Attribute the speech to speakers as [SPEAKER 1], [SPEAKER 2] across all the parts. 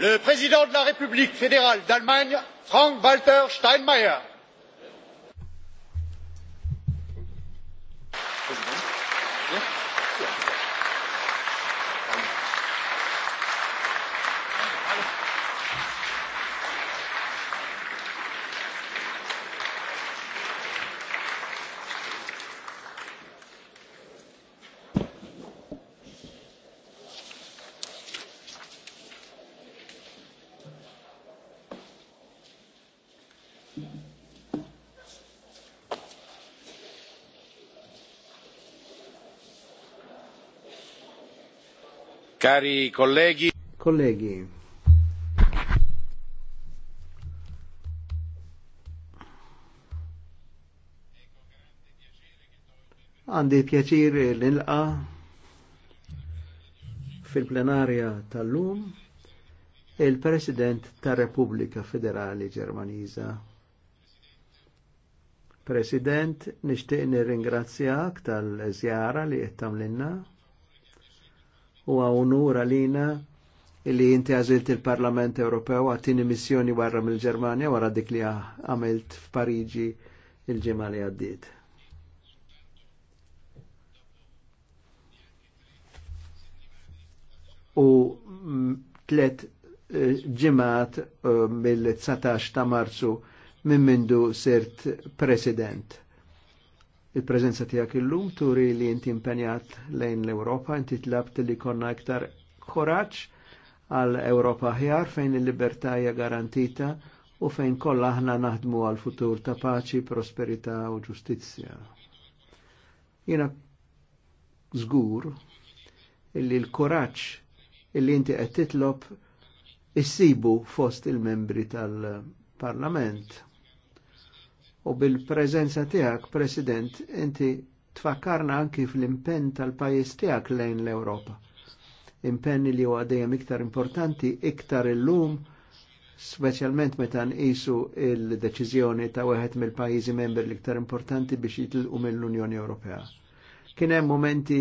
[SPEAKER 1] le président de la république fédérale d'allemagne frank walter steinmeier Cari colleghi. Colleghi. Għandi pjaċir l-inqa fil-plenarja tal-lum il-President tar repubblika Federali Ġermaniża. President, nixtieq nirringrazzjak tal-żjara li qed tagħmlilna u għawnura għalina li inti għazilt il-Parlament Ewropew għattini missjoni warra mill-Germania wara dik li għamilt f'Pariġi il-ġimgħa li għaddiet. U tlet eh, ġimat eh, mill-19 ta' Marzu minn mindu sirt President il-prezenza tijak il-lum turi li jinti impenjat lejn l-Europa, jinti tlabt li konna iktar koraċ għal Europa ħjar fejn il-libertà hija garantita u fejn kollha aħna naħdmu għal futur ta' paċi, prosperità u ġustizzja. Jiena żgur illi l-koraċ illi inti qed titlob issibu fost il-membri tal-Parlament u bil-prezenza tiegħek, President, inti tfakkarna anki fl-impenn tal-pajis tiegħek lejn l-Ewropa. Impenn li huwa dejjem iktar importanti, iktar illum, speċjalment meta nqisu il-deċiżjoni ta' wieħed mill-pajjiżi membri l-iktar importanti biex jitilqu mill-Unjoni Ewropea. Kien hemm momenti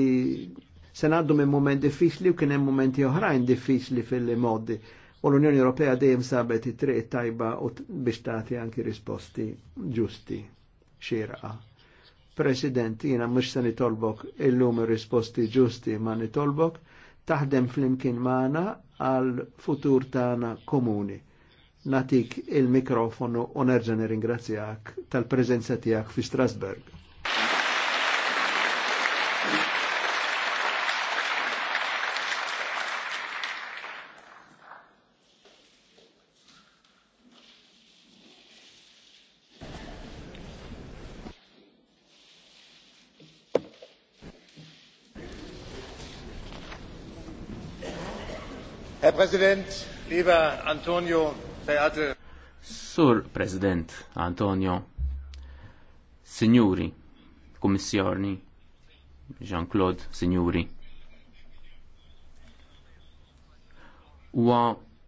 [SPEAKER 1] se naddu minn moment diffiċli u kien hemm momenti oħrajn diffiċli fil-modi u l-Unjoni Ewropea dejjem sabet it-triq tajba u biex tagħti anki risposti ġusti xieraqa. President, jiena mhux se nitolbok illum risposti ġusti ma nitolbok taħdem flimkien magħna għal futur tagħna komuni. Natik il-mikrofonu u nerġa' nirringrazzjak tal-preżenza tiegħek fi Strasburg. Herr Präsident, lieber Antonio, verehrte Sur President Antonio, Signori, Kommissjoni, Jean-Claude Signori. wa